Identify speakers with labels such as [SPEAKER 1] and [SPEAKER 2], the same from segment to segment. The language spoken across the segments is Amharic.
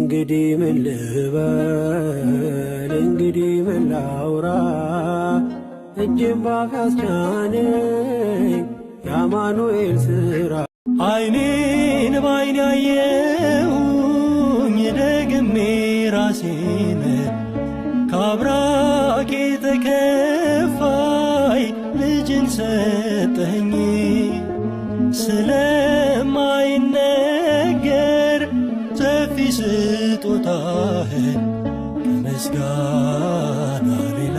[SPEAKER 1] እንግዲህ ምን ልበል እንግዲህ ምን ላውራ እጅም ባፍ ያስቻነኝ የአማኑኤል ስራ አይኔን ባይን ያየውኝ ደግሜ ራሴን ከአብራኬ ተከፋይ ልጅን ሰጠኝ ስለ ከምስጋና ሌላ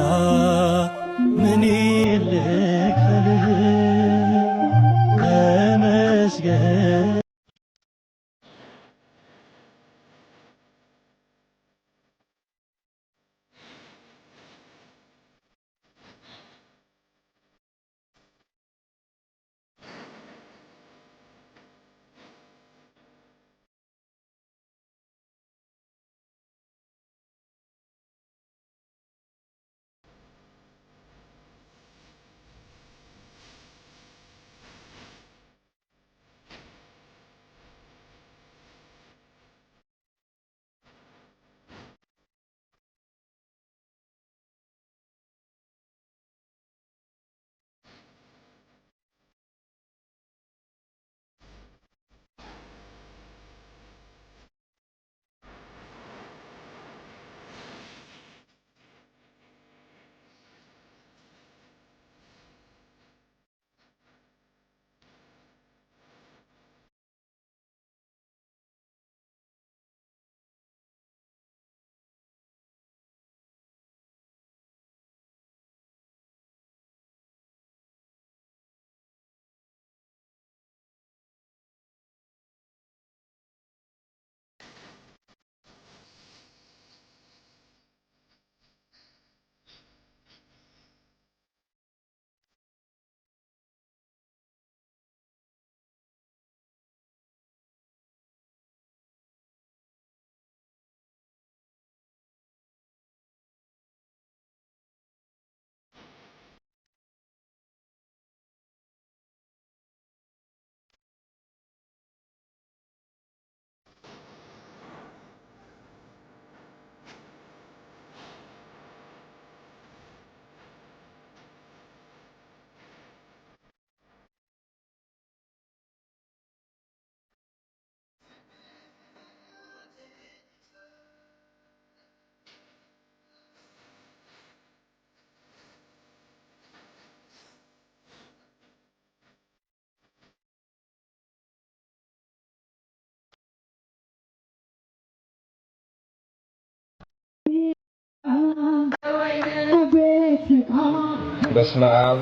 [SPEAKER 2] በስመ አብ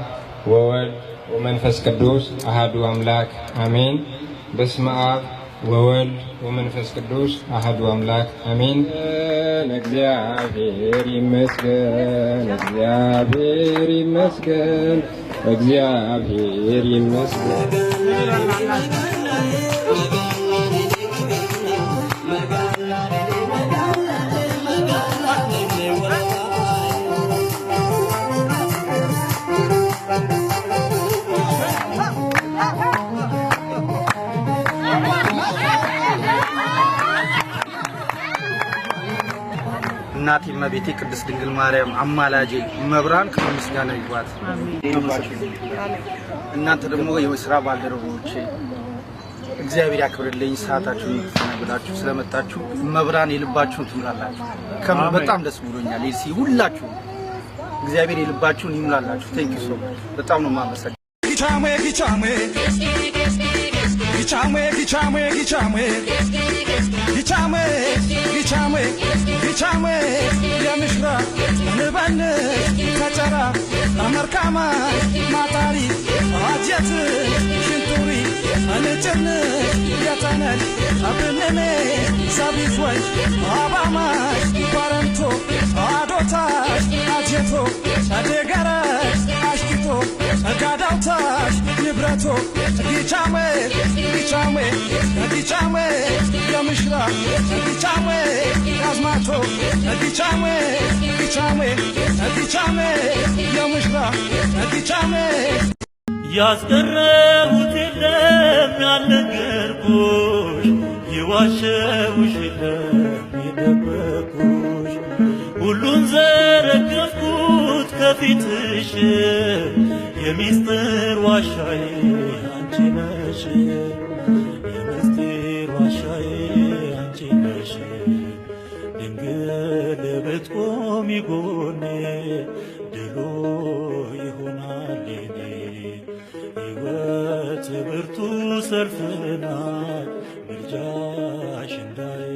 [SPEAKER 2] ወወልድ ወመንፈስ ቅዱስ አህዱ አምላክ አሜን። በስመ አብ ወወልድ ወመንፈስ ቅዱስ አህዱ አምላክ አሜን። እግዚአብሔር ይመስገን፣ እግዚአብሔር ይመስገን፣ እግዚአብሔር ይመስገን።
[SPEAKER 3] እናቴ እመቤቴ ቅድስት ድንግል ማርያም አማላጄ መብራን ከአምስት ጋር ይግባት። እናንተ ደግሞ የስራ ባልደረቦች እግዚአብሔር ያክብርልኝ። ሰዓታችሁን ተናግዳችሁ ስለመጣችሁ መብራን የልባችሁን ትምላላችሁ። በጣም ደስ ብሎኛል። ሲ ሁላችሁ እግዚአብሔር የልባችሁን ይምላላችሁ። ቴንክ ሶ በጣም ነው የማመሰግነው።
[SPEAKER 4] ኪቻሜ ኪቻሜ ኪቻሜ ቢቻሜ ቢቻሜ የምሽራ ንበን ከጨራ አመርካማ ማጣሪ አጀት ሽንቱሪ እንጭን የተነል አብንኔ ሰቢሶች አባማሽ ባረምቶ አዶታሽ አጀቶ አደገረሽ አሽኪቶ ጋዳውታሽ ንብረቶ ጊቻሜ Zaliczamy, zaliczamy, zaliczamy, ja myśla, zaliczamy.
[SPEAKER 5] ያስቀረሁት የለም ያልነገርኩሽ፣ የዋሸሁሽ የለም የደበኩሽ፣ ሁሉን ዘረገፍኩት ከፊትሽ የሚስጥር ዋሻዬ አንቺ ነሽ። ሕይወት ብርቱ ሰልፍ ናት፣ ምልጃሽ እንዳይ